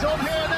It's over here now.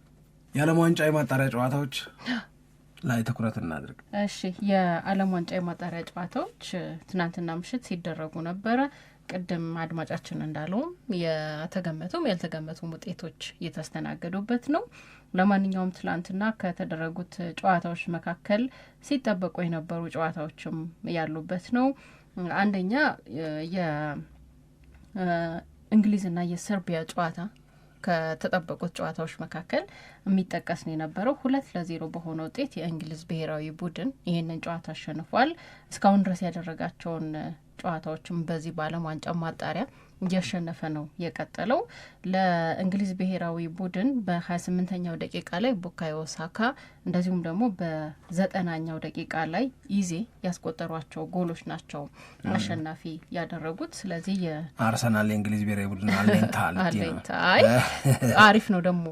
የዓለም ዋንጫ የማጣሪያ ጨዋታዎች ላይ ትኩረት እናድርግ። እሺ፣ የዓለም ዋንጫ የማጣሪያ ጨዋታዎች ትናንትና ምሽት ሲደረጉ ነበረ። ቅድም አድማጫችን እንዳለውም የተገመቱም ያልተገመቱም ውጤቶች እየተስተናገዱበት ነው። ለማንኛውም ትላንትና ከተደረጉት ጨዋታዎች መካከል ሲጠበቁ የነበሩ ጨዋታዎችም ያሉበት ነው። አንደኛ የእንግሊዝና የሰርቢያ ጨዋታ ከተጠበቁት ጨዋታዎች መካከል የሚጠቀስ ነው የነበረው። ሁለት ለዜሮ በሆነ ውጤት የእንግሊዝ ብሔራዊ ቡድን ይህንን ጨዋታ አሸንፏል። እስካሁን ድረስ ያደረጋቸውን ጨዋታዎችም በዚህ በዓለም ዋንጫ ማጣሪያ እያሸነፈ ነው የቀጠለው። ለእንግሊዝ ብሔራዊ ቡድን በ28ኛው ደቂቃ ላይ ቡካዮ ሳካ እንደዚሁም ደግሞ በዘጠናኛው ደቂቃ ላይ ይዜ ያስቆጠሯቸው ጎሎች ናቸው አሸናፊ ያደረጉት። ስለዚህ የአርሰናል የእንግሊዝ ብሔራዊ ቡድን አለኝታ አለኝታ አሪፍ ነው ደግሞ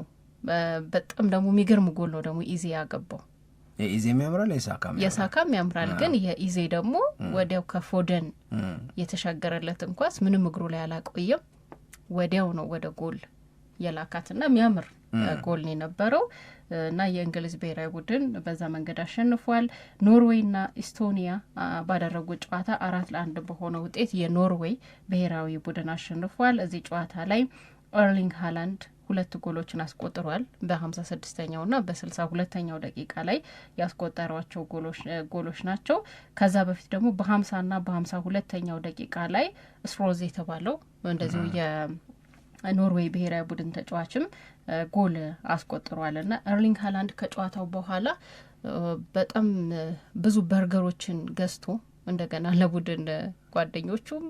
በጣም ደግሞ የሚገርም ጎል ነው ደግሞ ኢዜ ያገባው የኢዜም ያምራል የሳካም የሳካም ያምራል። ግን የኢዜ ደግሞ ወዲያው ከፎደን የተሻገረለትን ኳስ ምንም እግሩ ላይ አላቆየም። ወዲያው ነው ወደ ጎል የላካትና የሚያምር ጎል ነው የነበረው እና የእንግሊዝ ብሔራዊ ቡድን በዛ መንገድ አሸንፏል። ኖርዌይና ኢስቶኒያ ባደረጉት ጨዋታ አራት ለአንድ በሆነ ውጤት የኖርዌይ ብሔራዊ ቡድን አሸንፏል። እዚህ ጨዋታ ላይ ኤርሊንግ ሃላንድ ሁለት ጎሎችን አስቆጥሯል። በሀምሳ ስድስተኛው ና በስልሳ ሁለተኛው ደቂቃ ላይ ያስቆጠሯቸው ጎሎች ናቸው። ከዛ በፊት ደግሞ በሀምሳ ና በሀምሳ ሁለተኛው ደቂቃ ላይ ስሮዝ የተባለው እንደዚሁ የኖርዌይ ብሔራዊ ቡድን ተጫዋችም ጎል አስቆጥሯል ና ኤርሊንግ ሀላንድ ከጨዋታው በኋላ በጣም ብዙ በርገሮችን ገዝቶ እንደገና ለቡድን ጓደኞቹም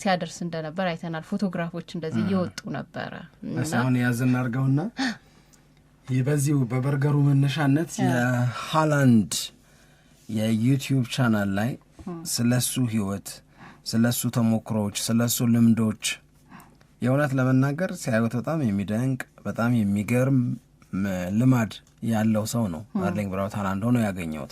ሲያደርስ እንደነበር አይተናል። ፎቶግራፎች እንደዚህ እየወጡ ነበረ። አሁን ያዝ እናርገውና በዚሁ በበርገሩ መነሻነት የሃላንድ የዩቲዩብ ቻናል ላይ ስለ እሱ ህይወት፣ ስለ እሱ ተሞክሮዎች፣ ስለ እሱ ልምዶች የእውነት ለመናገር ሲያዩት በጣም የሚደንቅ በጣም የሚገርም ልማድ ያለው ሰው ነው አርሊንግ ብራውት ሃላንድ ሆኖ ያገኘሁት።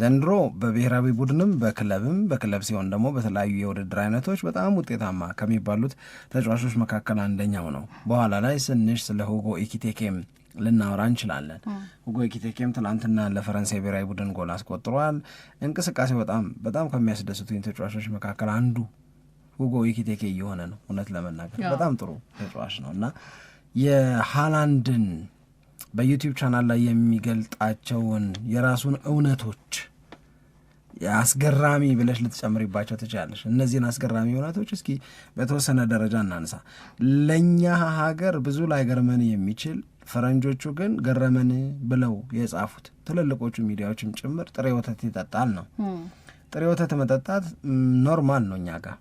ዘንድሮ በብሔራዊ ቡድንም በክለብም በክለብ ሲሆን ደግሞ በተለያዩ የውድድር አይነቶች በጣም ውጤታማ ከሚባሉት ተጫዋቾች መካከል አንደኛው ነው። በኋላ ላይ ትንሽ ስለ ሁጎ ኢኪቴኬም ልናወራ እንችላለን። ሁጎ ኢኪቴኬም ትናንትና ለፈረንሳይ ብሔራዊ ቡድን ጎል አስቆጥሯል። እንቅስቃሴው በጣም በጣም ከሚያስደስቱኝ ተጫዋቾች መካከል አንዱ ሁጎ ኢኪቴኬ እየሆነ ነው። እውነት ለመናገር በጣም ጥሩ ተጫዋች ነው እና የሃላንድን በዩቲዩብ ቻናል ላይ የሚገልጣቸውን የራሱን እውነቶች አስገራሚ ብለሽ ልትጨምሪባቸው ትችላለሽ። እነዚህን አስገራሚ እውነቶች እስኪ በተወሰነ ደረጃ እናንሳ። ለእኛ ሀገር ብዙ ላይገርመን የሚችል ፈረንጆቹ ግን ገረመን ብለው የጻፉት ትልልቆቹ ሚዲያዎችም ጭምር ጥሬ ወተት ይጠጣል ነው። ጥሬ ወተት መጠጣት ኖርማል ነው እኛ ጋር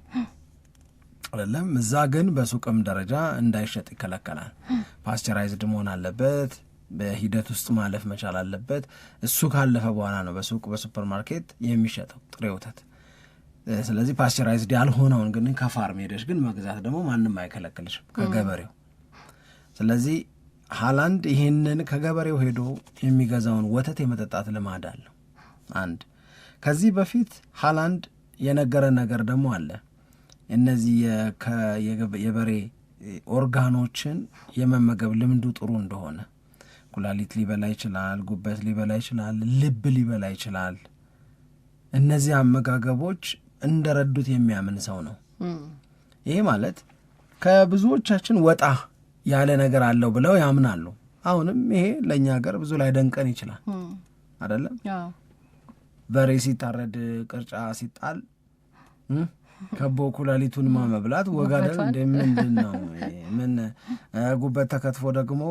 አይደለም። እዛ ግን በሱቅም ደረጃ እንዳይሸጥ ይከለከላል። ፓስቸራይዝድ መሆን አለበት በሂደት ውስጥ ማለፍ መቻል አለበት። እሱ ካለፈ በኋላ ነው በሱቅ በሱፐር ማርኬት የሚሸጠው ጥሬ ወተት። ስለዚህ ፓስቸራይዝድ ያልሆነውን ግን ከፋርም ሄደሽ ግን መግዛት ደግሞ ማንም አይከለክልሽም ከገበሬው። ስለዚህ ሀላንድ ይህንን ከገበሬው ሄዶ የሚገዛውን ወተት የመጠጣት ልማድ አለው። አንድ ከዚህ በፊት ሀላንድ የነገረ ነገር ደግሞ አለ። እነዚህ የበሬ ኦርጋኖችን የመመገብ ልምዱ ጥሩ እንደሆነ ኩላሊት ሊበላ ይችላል፣ ጉበት ሊበላ ይችላል፣ ልብ ሊበላ ይችላል። እነዚህ አመጋገቦች እንደረዱት የሚያምን ሰው ነው። ይህ ማለት ከብዙዎቻችን ወጣ ያለ ነገር አለው ብለው ያምናሉ። አሁንም ይሄ ለእኛ ሀገር ብዙ ላይ ደንቀን ይችላል አይደለም። በሬ ሲታረድ ቅርጫ ሲጣል ከቦ ኩላሊቱን ማመብላት ወጋደል እንደምንድን ነው? ምን ጉበት ተከትፎ ደግሞ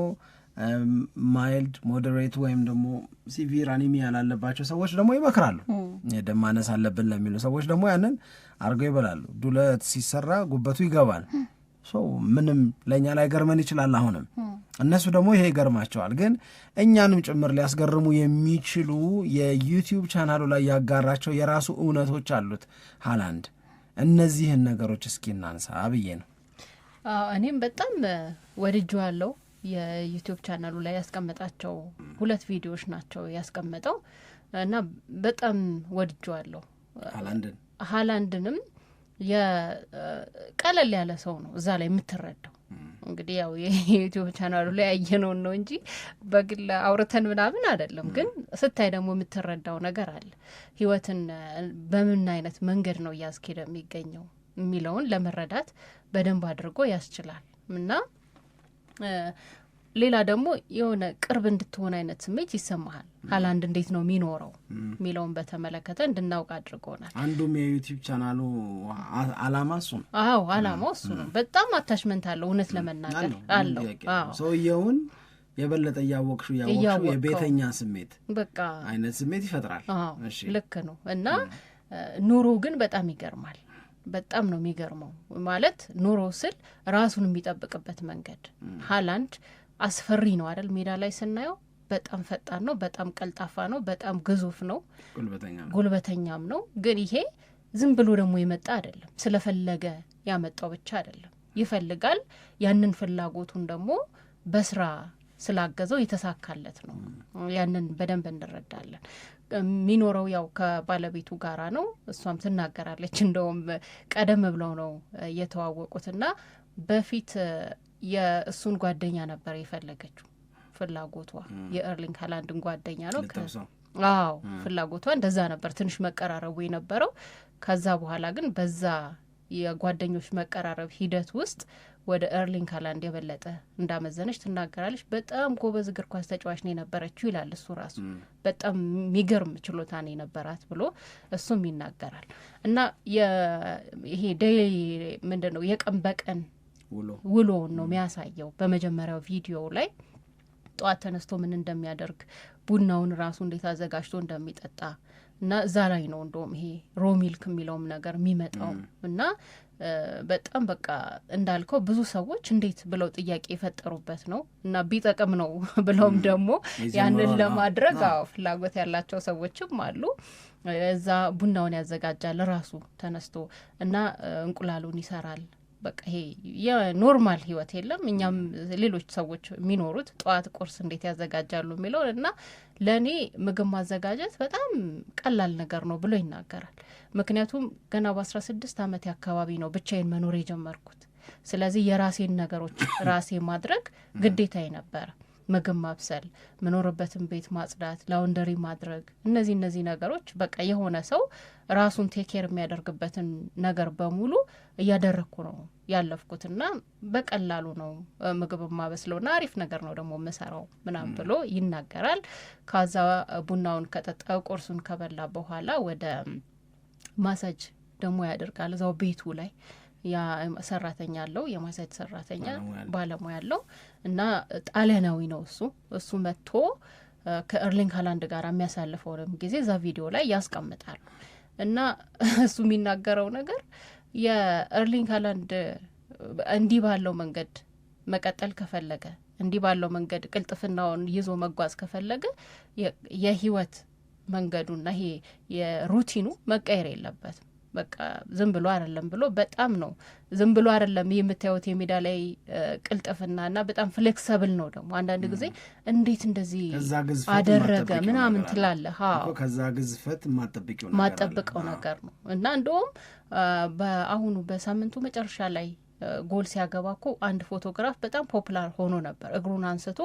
ማይልድ um, ሞደሬት ወይም ደግሞ ሲቪር አኒሚያ ላለባቸው ሰዎች ደግሞ ይመክራሉ። የደም ማነስ አለብን ለሚሉ ሰዎች ደግሞ ያንን አድርገው ይበላሉ። ዱለት ሲሰራ ጉበቱ ይገባል። ምንም ለእኛ ላይገርመን ይችላል። አሁንም እነሱ ደግሞ ይሄ ይገርማቸዋል። ግን እኛንም ጭምር ሊያስገርሙ የሚችሉ የዩቲዩብ ቻናሉ ላይ ያጋራቸው የራሱ እውነቶች አሉት ሃላንድ። እነዚህን ነገሮች እስኪ እናንሳ ብዬ ነው እኔም በጣም ወድጄዋለሁ። የዩቲዩብ ቻናሉ ላይ ያስቀመጣቸው ሁለት ቪዲዮዎች ናቸው ያስቀመጠው እና በጣም ወድጀዋለሁ። ሀላንድን ሀላንድንም የቀለል ያለ ሰው ነው እዛ ላይ የምትረዳው። እንግዲህ ያው የዩቲዩብ ቻናሉ ላይ ያየነውን ነው እንጂ በግል አውርተን ምናምን አይደለም። ግን ስታይ ደግሞ የምትረዳው ነገር አለ። ህይወትን በምን አይነት መንገድ ነው እያስኬደ የሚገኘው የሚለውን ለመረዳት በደንብ አድርጎ ያስችላል እና ሌላ ደግሞ የሆነ ቅርብ እንድትሆን አይነት ስሜት ይሰማሃል። ሀላንድ እንዴት ነው የሚኖረው የሚለውን በተመለከተ እንድናውቅ አድርጎናል። አንዱም የዩቲዩብ ቻናሉ አላማ እሱ ነው። አዎ አላማው እሱ ነው። በጣም አታችመንት አለው እውነት ለመናገር አለው። ሰውየውን የበለጠ እያወቅሹ እያወቅሹ የቤተኛ ስሜት በቃ አይነት ስሜት ይፈጥራል። ልክ ነው እና ኑሮ ግን በጣም ይገርማል። በጣም ነው የሚገርመው። ማለት ኑሮ ስል ራሱን የሚጠብቅበት መንገድ ሀላንድ አስፈሪ ነው አይደል? ሜዳ ላይ ስናየው በጣም ፈጣን ነው፣ በጣም ቀልጣፋ ነው፣ በጣም ግዙፍ ነው፣ ጉልበተኛም ነው። ግን ይሄ ዝም ብሎ ደግሞ የመጣ አይደለም፣ ስለፈለገ ያመጣው ብቻ አይደለም። ይፈልጋል። ያንን ፍላጎቱን ደግሞ በስራ ስላገዘው የተሳካለት ነው። ያንን በደንብ እንረዳለን። የሚኖረው ያው ከባለቤቱ ጋራ ነው። እሷም ትናገራለች። እንደውም ቀደም ብለው ነው የተዋወቁትና በፊት የእሱን ጓደኛ ነበር የፈለገችው ፍላጎቷ የእርሊንግ ሀላንድን ጓደኛ ነው። አዎ ፍላጎቷ እንደዛ ነበር፣ ትንሽ መቀራረቡ የነበረው። ከዛ በኋላ ግን በዛ የጓደኞች መቀራረብ ሂደት ውስጥ ወደ ኤርሊንግ ሀላንድ የበለጠ እንዳመዘነች ትናገራለች። በጣም ጎበዝ እግር ኳስ ተጫዋች ነው የነበረችው ይላል እሱ ራሱ። በጣም የሚገርም ችሎታ ነው የነበራት ብሎ እሱም ይናገራል። እና ይሄ ዴይሊ ምንድን ነው የቀን በቀን ውሎውን ነው የሚያሳየው። በመጀመሪያው ቪዲዮ ላይ ጠዋት ተነስቶ ምን እንደሚያደርግ ቡናውን ራሱ እንዴት አዘጋጅቶ እንደሚጠጣ እና እዛ ላይ ነው እንደውም ይሄ ሮሚልክ የሚለውም ነገር የሚመጣው እና በጣም በቃ እንዳልከው ብዙ ሰዎች እንዴት ብለው ጥያቄ የፈጠሩበት ነው እና ቢጠቅም ነው ብለውም ደግሞ ያንን ለማድረግ አዎ ፍላጎት ያላቸው ሰዎችም አሉ። እዛ ቡናውን ያዘጋጃል ራሱ ተነስቶ እና እንቁላሉን ይሰራል በቃ ይሄ የኖርማል ህይወት የለም። እኛም ሌሎች ሰዎች የሚኖሩት ጠዋት ቁርስ እንዴት ያዘጋጃሉ የሚለውን እና ለእኔ ምግብ ማዘጋጀት በጣም ቀላል ነገር ነው ብሎ ይናገራል። ምክንያቱም ገና በአስራ ስድስት አመት አካባቢ ነው ብቻዬን መኖር የጀመርኩት። ስለዚህ የራሴን ነገሮች ራሴ ማድረግ ግዴታዬ ነበረ። ምግብ ማብሰል፣ ምኖርበትን ቤት ማጽዳት፣ ላውንደሪ ማድረግ እነዚህ እነዚህ ነገሮች በቃ የሆነ ሰው ራሱን ቴኬር የሚያደርግበትን ነገር በሙሉ እያደረግኩ ነው ያለፍኩት እና በቀላሉ ነው ምግብ ማበስለው ና አሪፍ ነገር ነው ደግሞ የምሰራው ምናም ብሎ ይናገራል። ከዛ ቡናውን ከጠጣ ቁርሱን ከበላ በኋላ ወደ ማሳጅ ደግሞ ያደርጋል እዛው ቤቱ ላይ ሰራተኛ አለው የማሳጅ ሰራተኛ ባለሙያ አለው እና ጣሊያናዊ ነው እሱ እሱ መጥቶ ከእርሊንግ ሀላንድ ጋር የሚያሳልፈውንም ጊዜ እዛ ቪዲዮ ላይ ያስቀምጣሉ። እና እሱ የሚናገረው ነገር የእርሊንግ ሀላንድ እንዲህ ባለው መንገድ መቀጠል ከፈለገ እንዲህ ባለው መንገድ ቅልጥፍናውን ይዞ መጓዝ ከፈለገ የህይወት መንገዱና ይሄ የሩቲኑ መቀየር የለበትም። በቃ ዝም ብሎ አይደለም ብሎ በጣም ነው ዝም ብሎ አይደለም የምታዩት የሜዳ ላይ ቅልጥፍና እና በጣም ፍሌክሰብል ነው። ደግሞ አንዳንድ ጊዜ እንዴት እንደዚህ አደረገ ምናምን ትላለህ። ከዛ ግዝፈት ማጠብቀው ነገር ነው እና እንደውም በአሁኑ በሳምንቱ መጨረሻ ላይ ጎል ሲያገባ እኮ አንድ ፎቶግራፍ በጣም ፖፕላር ሆኖ ነበር። እግሩን አንስቶ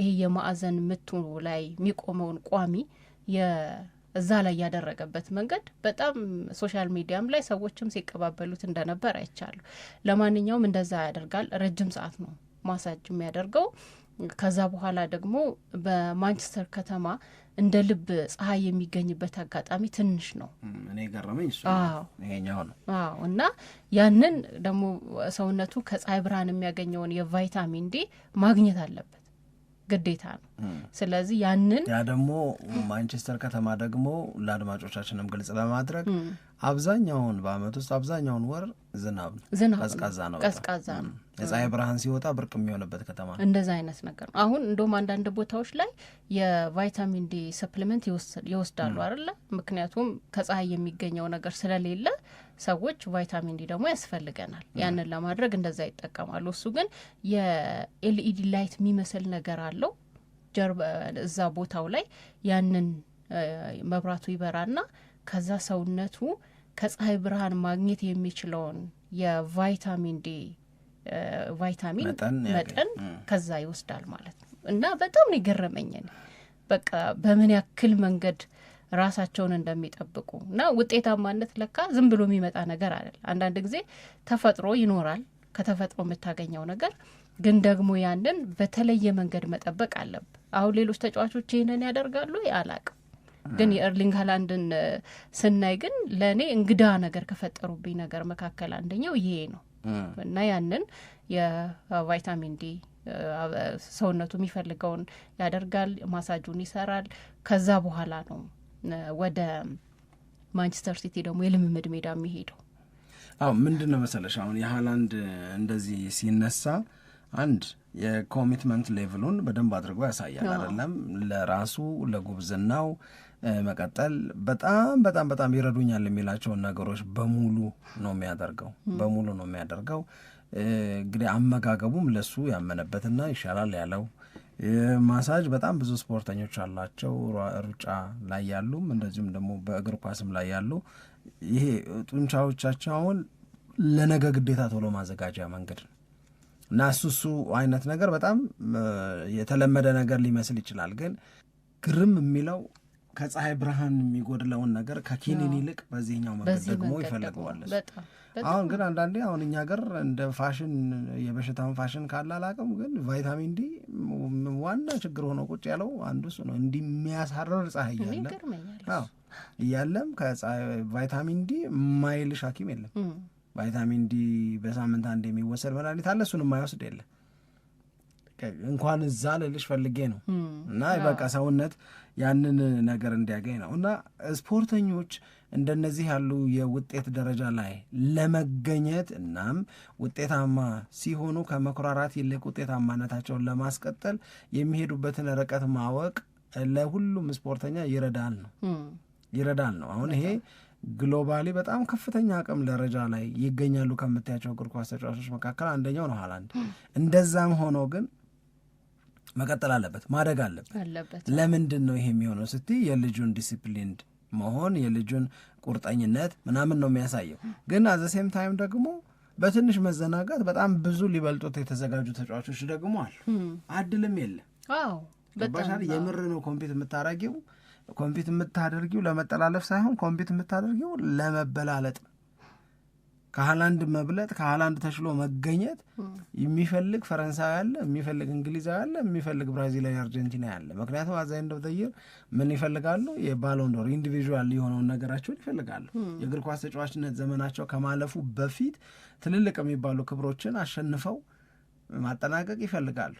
ይሄ የማዕዘን ምቱ ላይ የሚቆመውን ቋሚ እዛ ላይ ያደረገበት መንገድ በጣም ሶሻል ሚዲያም ላይ ሰዎችም ሲቀባበሉት እንደነበር አይቻሉ። ለማንኛውም እንደዛ ያደርጋል። ረጅም ሰዓት ነው ማሳጅ የሚያደርገው። ከዛ በኋላ ደግሞ በማንቸስተር ከተማ እንደ ልብ ፀሐይ የሚገኝበት አጋጣሚ ትንሽ ነው። እኔ ገረመኝ እሱ ይሄኛው ነው። እና ያንን ደግሞ ሰውነቱ ከፀሐይ ብርሃን የሚያገኘውን የቫይታሚን ዲ ማግኘት አለበት። ግዴታ ነው። ስለዚህ ያንን ያ ደግሞ ማንቸስተር ከተማ ደግሞ ለአድማጮቻችንም ግልጽ ለማድረግ አብዛኛውን በአመት ውስጥ አብዛኛውን ወር ዝናብ ዝናብ ቀዝቃዛ ነው ቀዝቃዛ ነው። የፀሐይ ብርሃን ሲወጣ ብርቅ የሚሆንበት ከተማ ነው። እንደዛ አይነት ነገር ነው። አሁን እንደውም አንዳንድ ቦታዎች ላይ የቫይታሚን ዲ ሰፕሊመንት ይወስዳሉ አይደለ? ምክንያቱም ከፀሐይ የሚገኘው ነገር ስለሌለ ሰዎች ቫይታሚን ዲ ደግሞ ያስፈልገናል። ያንን ለማድረግ እንደዛ ይጠቀማሉ። እሱ ግን የኤልኢዲ ላይት የሚመስል ነገር አለው እዛ ቦታው ላይ ያንን መብራቱ ይበራና ከዛ ሰውነቱ ከፀሐይ ብርሃን ማግኘት የሚችለውን የቫይታሚን ዲ ቫይታሚን መጠን ከዛ ይወስዳል ማለት ነው። እና በጣም ነው የገረመኝ በቃ በምን ያክል መንገድ ራሳቸውን እንደሚጠብቁ እና ውጤታማነት ለካ ዝም ብሎ የሚመጣ ነገር አይደለም። አንዳንድ ጊዜ ተፈጥሮ ይኖራል። ከተፈጥሮ የምታገኘው ነገር ግን ደግሞ ያንን በተለየ መንገድ መጠበቅ አለብ። አሁን ሌሎች ተጫዋቾች ይህንን ያደርጋሉ አላቅም፣ ግን የእርሊንግ ሀላንድን ስናይ ግን ለእኔ እንግዳ ነገር ከፈጠሩብኝ ነገር መካከል አንደኛው ይሄ ነው እና ያንን የቫይታሚን ዲ ሰውነቱ የሚፈልገውን ያደርጋል፣ ማሳጁን ይሰራል። ከዛ በኋላ ነው ወደ ማንቸስተር ሲቲ ደግሞ የልምምድ ሜዳ የሚሄደው አዎ ምንድን ነው መሰለሽ፣ አሁን የሃላንድ እንደዚህ ሲነሳ አንድ የኮሚትመንት ሌቭሉን በደንብ አድርጎ ያሳያል። አይደለም ለራሱ ለጉብዝናው መቀጠል በጣም በጣም በጣም ይረዱኛል የሚላቸውን ነገሮች በሙሉ ነው የሚያደርገው በሙሉ ነው የሚያደርገው። እንግዲህ አመጋገቡም ለሱ ያመነበትና ይሻላል ያለው ማሳጅ በጣም ብዙ ስፖርተኞች አላቸው፣ ሩጫ ላይ ያሉም እንደዚሁም ደግሞ በእግር ኳስም ላይ ያሉ። ይሄ ጡንቻዎቻቸው አሁን ለነገ ግዴታ ቶሎ ማዘጋጃ መንገድ ነው እና እሱ እሱ አይነት ነገር በጣም የተለመደ ነገር ሊመስል ይችላል ግን ግርም የሚለው ከፀሐይ ብርሃን የሚጎድለውን ነገር ከኬኒን ይልቅ በዚህኛው መንገድ ደግሞ ይፈልገዋለች። አሁን ግን አንዳንዴ አሁን እኛ ገር እንደ ፋሽን የበሽታን ፋሽን ካለ አላቅም ግን ቫይታሚን ዲ ዋና ችግር ሆኖ ቁጭ ያለው አንዱ እሱ ነው። እንዲህ የሚያሳርር ፀሐይ እያለ እያለም ቫይታሚን ዲ ማይልሽ ሐኪም የለም። ቫይታሚን ዲ በሳምንት አንድ የሚወሰድ መድኃኒት አለ፣ እሱን የማይወስድ የለም። እንኳን እዛ ልልሽ ፈልጌ ነው እና በቃ ሰውነት ያንን ነገር እንዲያገኝ ነው እና ስፖርተኞች እንደነዚህ ያሉ የውጤት ደረጃ ላይ ለመገኘት እናም ውጤታማ ሲሆኑ ከመኩራራት ይልቅ ውጤታማነታቸውን ለማስቀጠል የሚሄዱበትን ርቀት ማወቅ ለሁሉም ስፖርተኛ ይረዳል ነው ይረዳል ነው። አሁን ይሄ ግሎባሊ በጣም ከፍተኛ አቅም ደረጃ ላይ ይገኛሉ ከምታያቸው እግር ኳስ ተጫዋቾች መካከል አንደኛው ነው ሃላንድ። እንደዛም ሆኖ ግን መቀጠል አለበት፣ ማደግ አለበት። ለምንድን ነው ይሄ የሚሆነው ስትይ የልጁን ዲሲፕሊንድ መሆን የልጁን ቁርጠኝነት ምናምን ነው የሚያሳየው። ግን አዘ ሴም ታይም ደግሞ በትንሽ መዘናጋት በጣም ብዙ ሊበልጡት የተዘጋጁ ተጫዋቾች ደግሞ አሉ። hmm. አድልም የለም ባሻል የምር ነው ኮምፒት የምታረጊው ኮምፒት የምታደርጊው ለመጠላለፍ ሳይሆን ኮምፒት የምታደርጊው ለመበላለጥ ከሀላንድ መብለጥ ከሀላንድ ተችሎ መገኘት የሚፈልግ ፈረንሳዊ አለ፣ የሚፈልግ እንግሊዛዊ አለ፣ የሚፈልግ ብራዚላዊ አርጀንቲና አለ። ምክንያቱም አዛይ እንደተየር ምን ይፈልጋሉ? የባሎንዶር ኢንዲቪዥዋል የሆነውን ነገራቸውን ይፈልጋሉ። የእግር ኳስ ተጫዋችነት ዘመናቸው ከማለፉ በፊት ትልልቅ የሚባሉ ክብሮችን አሸንፈው ማጠናቀቅ ይፈልጋሉ።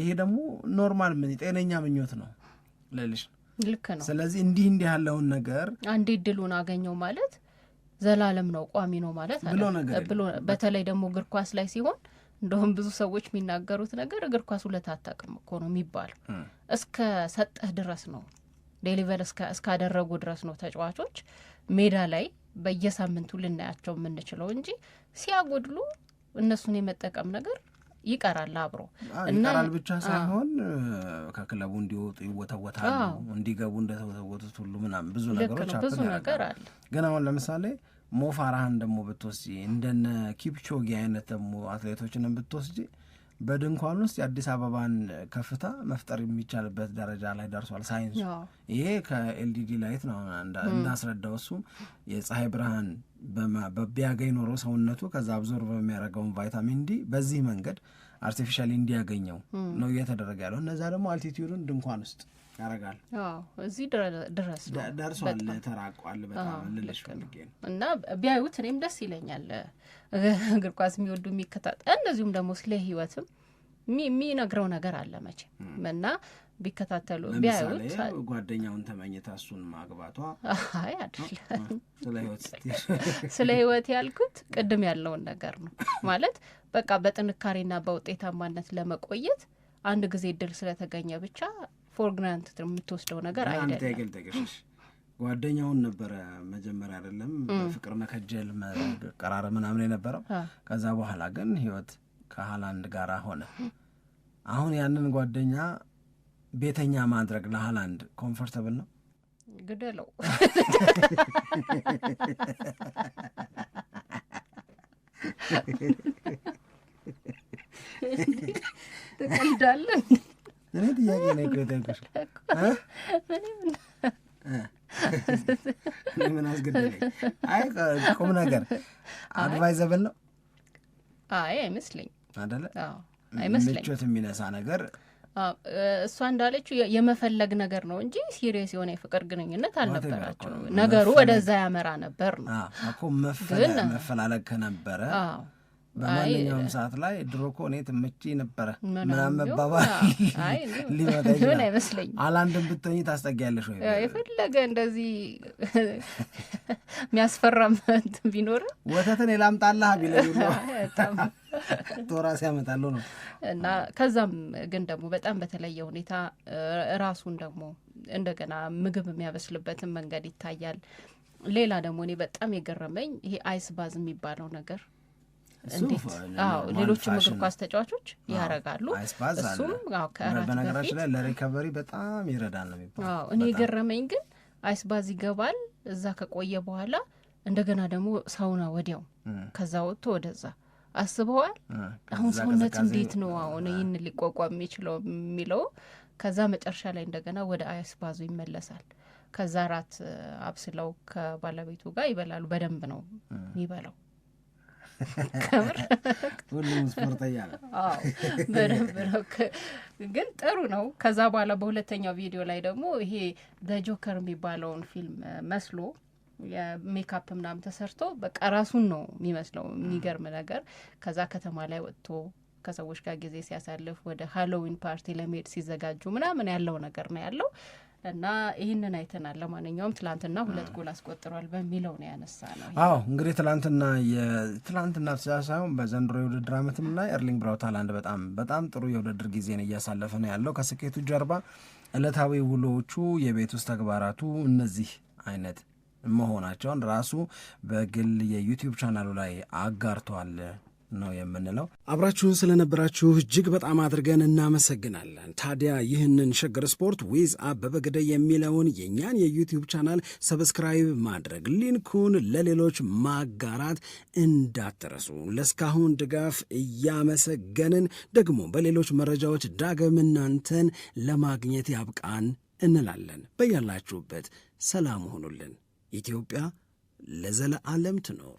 ይሄ ደግሞ ኖርማል ምን ጤነኛ ምኞት ነው ልልሽ። ልክ ነው። ስለዚህ እንዲህ እንዲህ ያለውን ነገር አንዴ ድሉን አገኘው ማለት ዘላለም ነው ቋሚ ነው ማለት ብሎ በተለይ ደግሞ እግር ኳስ ላይ ሲሆን እንደውም ብዙ ሰዎች የሚናገሩት ነገር እግር ኳስ ሁለት አታውቅም እኮ ነው የሚባለው። እስከ ሰጠህ ድረስ ነው ዴሊቨር እስካደረጉ ድረስ ነው ተጫዋቾች ሜዳ ላይ በየሳምንቱ ልናያቸው የምንችለው እንጂ ሲያጎድሉ እነሱን የመጠቀም ነገር ይቀራል አብሮ ይቀራል ብቻ ሳይሆን ከክለቡ እንዲወጡ ይወተወታሉ፣ እንዲገቡ እንደተወተወቱት ሁሉ ምናምን ብዙ ነገሮች ብዙ ነገር አለ። ግን አሁን ለምሳሌ ሞፋራህን ደግሞ ብትወስጂ እንደነ ኪፕቾጊ አይነት ደግሞ አትሌቶችንም ብትወስጂ በድንኳን ውስጥ የአዲስ አበባን ከፍታ መፍጠር የሚቻልበት ደረጃ ላይ ደርሷል ሳይንሱ። ይሄ ከኤልዲዲ ላይት ነው እንዳስረዳው። እሱም የፀሐይ ብርሃን ቢያገኝ ኖሮ ሰውነቱ ከዛ አብዞር የሚያደርገውን ቫይታሚን ዲ በዚህ መንገድ አርቲፊሻል እንዲያገኘው ነው እየተደረገ ያለው። እነዛ ደግሞ አልቲቲዩድን ድንኳን ውስጥ ያረጋል እዚህ ድረስ ደርሷል፣ ተራቋል። በጣም ልልሽ ፈልጌ ነው እና ቢያዩት እኔም ደስ ይለኛል። እግር ኳስ የሚወዱ የሚከታተል እንደዚሁም ደግሞ ስለ ህይወትም የሚነግረው ነገር አለ መቼ እና ቢከታተሉ ቢያዩት ጓደኛውን ተመኝታ እሱን ማግባቷ አይ አይደለም። ስለ ህይወት ያልኩት ቅድም ያለውን ነገር ነው ማለት በቃ በጥንካሬና በውጤታማነት ለመቆየት አንድ ጊዜ እድል ስለተገኘ ብቻ ፎር ግራንት የምትወስደው ነገር አይደለም። ጓደኛውን ነበረ መጀመሪያ አይደለም በፍቅር መከጀል መቀራረብ ምናምን የነበረው ከዛ በኋላ ግን ህይወት ከሀላንድ ጋር ሆነ። አሁን ያንን ጓደኛ ቤተኛ ማድረግ ለሀላንድ ኮምፎርተብል ነው። ግደለው ተቀልዳለን እኔ ጥያቄ ነው እኮ ምን አስገደደኝ? አይ ቁም ነገር አድቫይዘብል ነው። አይ አይመስለኝ አደለ አይመስለኝ የሚነሳ ነገር እሷ እንዳለችው የመፈለግ ነገር ነው እንጂ ሲሪየስ የሆነ የፍቅር ግንኙነት አልነበራቸው። ነገሩ ወደዛ ያመራ ነበር ነው ግን መፈላለግ ከነበረ በማንኛውም ሰዓት ላይ ድሮ እኮ እኔ ትመጪ ነበረ ምናምን መባባል ሊመጣ ይችላል አይመስለኝም። አላንድን ብትሆኚ ታስጠጊያለሽ ወይ የፈለገ እንደዚህ የሚያስፈራም ቢኖር ወተትን የላምጣላ ቢለኝ ቶራ ሲያመጣለሁ ነው እና ከዛም ግን ደግሞ በጣም በተለየ ሁኔታ ራሱን ደግሞ እንደገና ምግብ የሚያበስልበትን መንገድ ይታያል። ሌላ ደግሞ እኔ በጣም የገረመኝ ይሄ አይስ ባዝ የሚባለው ነገር ሌሎችም እግር ኳስ ተጫዋቾች ያረጋሉ። እሱም በነገራችን ላይ ለሪከቨሪ በጣም ይረዳል ነው የሚባለው። እኔ የገረመኝ ግን አይስባዝ ይገባል እዛ ከቆየ በኋላ እንደገና ደግሞ ሳውና ወዲያው ከዛ ወጥቶ ወደዛ አስበዋል። አሁን ሰውነት እንዴት ነው አሁን ይህን ሊቋቋም የሚችለው የሚለው ከዛ መጨረሻ ላይ እንደገና ወደ አይስባዙ ይመለሳል። ከዛ ራት አብስለው ከባለቤቱ ጋር ይበላሉ። በደንብ ነው የሚበላው ከምር ሁሉም ስፖርተኛ ነው። በደንብ ነው፣ ግን ጥሩ ነው። ከዛ በኋላ በሁለተኛው ቪዲዮ ላይ ደግሞ ይሄ በጆከር የሚባለውን ፊልም መስሎ የሜካፕ ምናምን ተሰርቶ በቃ ራሱን ነው የሚመስለው። የሚገርም ነገር ከዛ ከተማ ላይ ወጥቶ ከሰዎች ጋር ጊዜ ሲያሳልፍ ወደ ሀሎዊን ፓርቲ ለመሄድ ሲዘጋጁ ምናምን ያለው ነገር ነው ያለው። እና ይህንን አይተናል። ለማንኛውም ትላንትና ሁለት ጎል አስቆጥሯል በሚለው ነው ያነሳ ነው። አዎ እንግዲህ ትላንትና የትላንትና ብቻ ሳይሆን በዘንድሮ የውድድር አመትም ላይ ኤርሊንግ ብራውት ሃላንድ በጣም በጣም ጥሩ የውድድር ጊዜን እያሳለፈ ነው ያለው። ከስኬቱ ጀርባ እለታዊ ውሎዎቹ፣ የቤት ውስጥ ተግባራቱ እነዚህ አይነት መሆናቸውን ራሱ በግል የዩቲዩብ ቻናሉ ላይ አጋርተዋል። ነው የምንለው። አብራችሁን ስለነበራችሁ እጅግ በጣም አድርገን እናመሰግናለን። ታዲያ ይህንን ሸገር ስፖርት ዊዝ አበበ ግደይ የሚለውን የእኛን የዩቲዩብ ቻናል ሰብስክራይብ ማድረግ፣ ሊንኩን ለሌሎች ማጋራት እንዳትረሱ። ለእስካሁን ድጋፍ እያመሰገንን ደግሞ በሌሎች መረጃዎች ዳግም እናንተን ለማግኘት ያብቃን እንላለን። በያላችሁበት ሰላም ሆኑልን። ኢትዮጵያ ለዘለዓለም ትኖር።